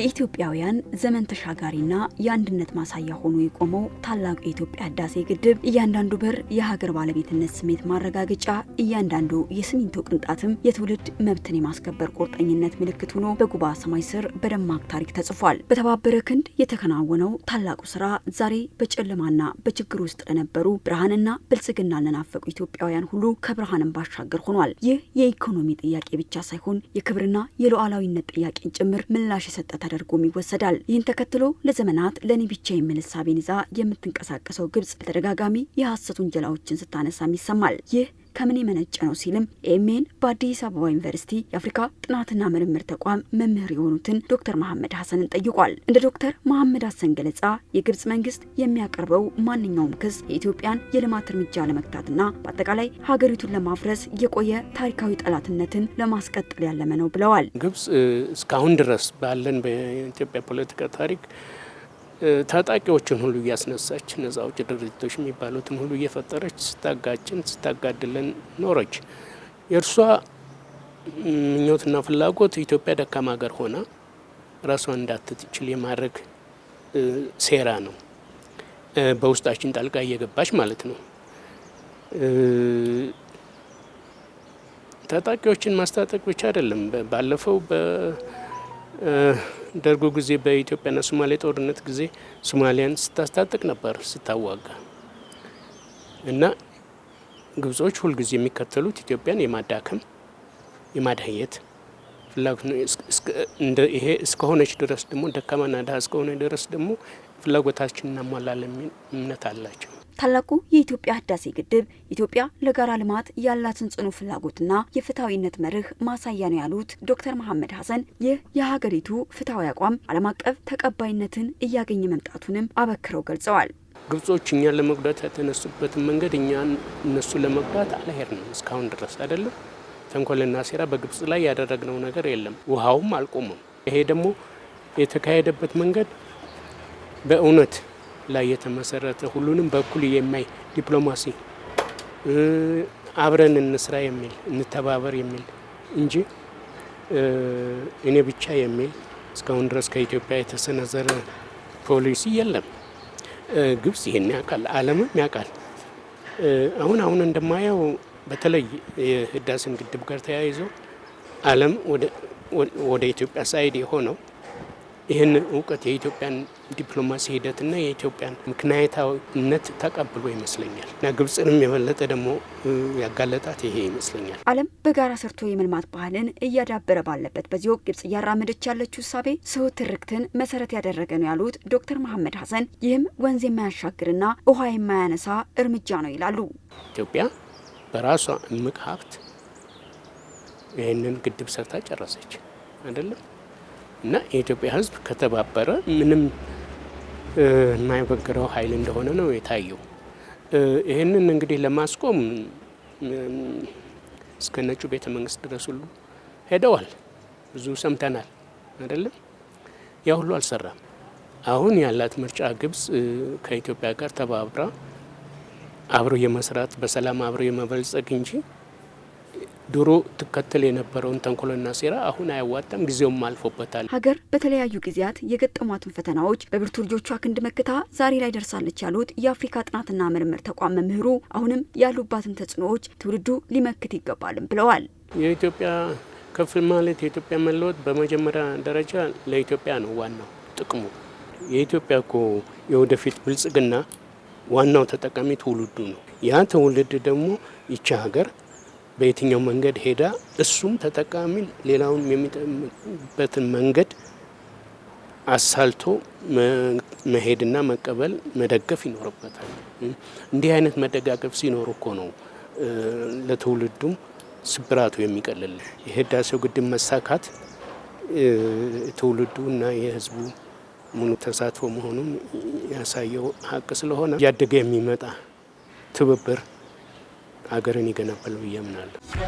የኢትዮጵያውያን ዘመን ተሻጋሪና የአንድነት ማሳያ ሆኖ የቆመው ታላቁ የኢትዮጵያ ህዳሴ ግድብ እያንዳንዱ በር የሀገር ባለቤትነት ስሜት ማረጋገጫ፣ እያንዳንዱ የሲሚንቶ ቅንጣትም የትውልድ መብትን የማስከበር ቁርጠኝነት ምልክት ሆኖ በጉባ ሰማይ ስር በደማቅ ታሪክ ተጽፏል። በተባበረ ክንድ የተከናወነው ታላቁ ስራ ዛሬ በጨለማና በችግር ውስጥ ለነበሩ ብርሃንና ብልጽግና ለናፈቁ ኢትዮጵያውያን ሁሉ ከብርሃንም ባሻገር ሆኗል። ይህ የኢኮኖሚ ጥያቄ ብቻ ሳይሆን የክብርና የሉዓላዊነት ጥያቄን ጭምር ምላሽ የሰጠ ተደርጎም ይወሰዳል። ይህን ተከትሎ ለዘመናት ለእኔ ብቻ የሚል ሳቤን ይዛ የምትንቀሳቀሰው ግብጽ በተደጋጋሚ የሐሰት ውንጀላዎችን ስታነሳም ይሰማል። ይህ ከምን የመነጨ ነው ሲልም ኤሜን በአዲስ አበባ ዩኒቨርሲቲ የአፍሪካ ጥናትና ምርምር ተቋም መምህር የሆኑትን ዶክተር መሐመድ ሀሰንን ጠይቋል። እንደ ዶክተር መሐመድ ሀሰን ገለጻ የግብጽ መንግስት የሚያቀርበው ማንኛውም ክስ የኢትዮጵያን የልማት እርምጃ ለመግታትና በአጠቃላይ ሀገሪቱን ለማፍረስ የቆየ ታሪካዊ ጠላትነትን ለማስቀጠል ያለመ ነው ብለዋል። ግብጽ እስካሁን ድረስ ባለን በኢትዮጵያ ፖለቲካ ታሪክ ታጣቂዎችን ሁሉ እያስነሳች ነጻ አውጪ ድርጅቶች የሚባሉትን ሁሉ እየፈጠረች ስታጋጭን ስታጋድለን ኖረች። የእርሷ ምኞትና ፍላጎት ኢትዮጵያ ደካማ ሀገር ሆና ራሷን እንዳትችል የማድረግ ሴራ ነው። በውስጣችን ጣልቃ እየገባች ማለት ነው። ታጣቂዎችን ማስታጠቅ ብቻ አይደለም። ባለፈው በ ደርጉ ጊዜ በኢትዮጵያና ሶማሌ ጦርነት ጊዜ ሶማሊያን ስታስታጥቅ ነበር ስታዋጋ እና ግብጾች ሁልጊዜ የሚከተሉት ኢትዮጵያን የማዳከም የማዳየት ፍላጎት እንደ ይሄ እስከሆነች ድረስ ደግሞ ደካማና ድሃ እስከሆነ ድረስ ደግሞ ፍላጎታችን እናሟላለን የሚል እምነት አላቸው። ታላቁ የኢትዮጵያ ህዳሴ ግድብ ኢትዮጵያ ለጋራ ልማት ያላትን ጽኑ ፍላጎትና የፍትሐዊነት መርህ ማሳያ ነው ያሉት ዶክተር መሐመድ ሀሰን ይህ የሀገሪቱ ፍትሐዊ አቋም ዓለም አቀፍ ተቀባይነትን እያገኘ መምጣቱንም አበክረው ገልጸዋል። ግብጾች እኛን ለመጉዳት የተነሱበትን መንገድ እኛን እነሱ ለመጉዳት አልሄድንም እስካሁን ድረስ አይደለም። ተንኮልና ሴራ በግብጽ ላይ ያደረግነው ነገር የለም። ውሃውም አልቆምም። ይሄ ደግሞ የተካሄደበት መንገድ በእውነት ላይ የተመሰረተ ሁሉንም በኩል የማይ ዲፕሎማሲ አብረን እንስራ የሚል እንተባበር የሚል እንጂ እኔ ብቻ የሚል እስካሁን ድረስ ከኢትዮጵያ የተሰነዘረ ፖሊሲ የለም። ግብጽ ይህን ያውቃል፣ ዓለምም ያውቃል። አሁን አሁን እንደማየው በተለይ የህዳሴን ግድብ ጋር ተያይዞ ዓለም ወደ ኢትዮጵያ ሳይድ የሆነው ይህን እውቀት የኢትዮጵያን ዲፕሎማሲ ሂደትና የኢትዮጵያን ምክንያታዊነት ተቀብሎ ይመስለኛል እና ግብፅንም የበለጠ ደግሞ ያጋለጣት ይሄ ይመስለኛል። ዓለም በጋራ ሰርቶ የመልማት ባህልን እያዳበረ ባለበት በዚህ ወቅት ግብጽ እያራመደች ያለችው እሳቤ ስሁት ትርክትን መሰረት ያደረገ ነው ያሉት ዶክተር መሐመድ ሀሰን፣ ይህም ወንዝ የማያሻግርና ውሃ የማያነሳ እርምጃ ነው ይላሉ። ኢትዮጵያ በራሷ እምቅ ሀብት ይህንን ግድብ ሰርታ ጨረሰች አይደለም። እና የኢትዮጵያ ሕዝብ ከተባበረ ምንም የማይበግረው ኃይል እንደሆነ ነው የታየው። ይህንን እንግዲህ ለማስቆም እስከ ነጩ ቤተ መንግስት ድረስ ሁሉ ሄደዋል። ብዙ ሰምተናል አይደለም? ያ ሁሉ አልሰራም። አሁን ያላት ምርጫ ግብጽ ከኢትዮጵያ ጋር ተባብራ አብሮ የመስራት በሰላም አብሮ የመበልጸግ እንጂ ድሮ ትከተል የነበረውን ተንኮልና ሴራ አሁን አያዋጣም፣ ጊዜውም አልፎበታል። ሀገር በተለያዩ ጊዜያት የገጠሟትን ፈተናዎች በብርቱ ልጆቿ ክንድ መክታ ዛሬ ላይ ደርሳለች ያሉት የአፍሪካ ጥናትና ምርምር ተቋም መምህሩ አሁንም ያሉባትን ተጽዕኖዎች ትውልዱ ሊመክት ይገባልም ብለዋል። የኢትዮጵያ ከፍ ማለት የኢትዮጵያ መለወጥ በመጀመሪያ ደረጃ ለኢትዮጵያ ነው ዋናው ጥቅሙ። የኢትዮጵያ እኮ የወደፊት ብልጽግና ዋናው ተጠቃሚ ትውልዱ ነው። ያ ትውልድ ደግሞ ይቺ ሀገር በየትኛው መንገድ ሄዳ እሱም ተጠቃሚ ሌላውን የሚጠምበትን መንገድ አሳልቶ መሄድና መቀበል መደገፍ ይኖርበታል። እንዲህ አይነት መደጋገፍ ሲኖር እኮ ነው ለትውልዱም ስብራቱ የሚቀልል። የህዳሴው ግድብ መሳካት ትውልዱ እና የህዝቡ ሙሉ ተሳትፎ መሆኑን ያሳየው ሀቅ ስለሆነ እያደገ የሚመጣ ትብብር አገርን ይገነባል ብዬ አምናለሁ።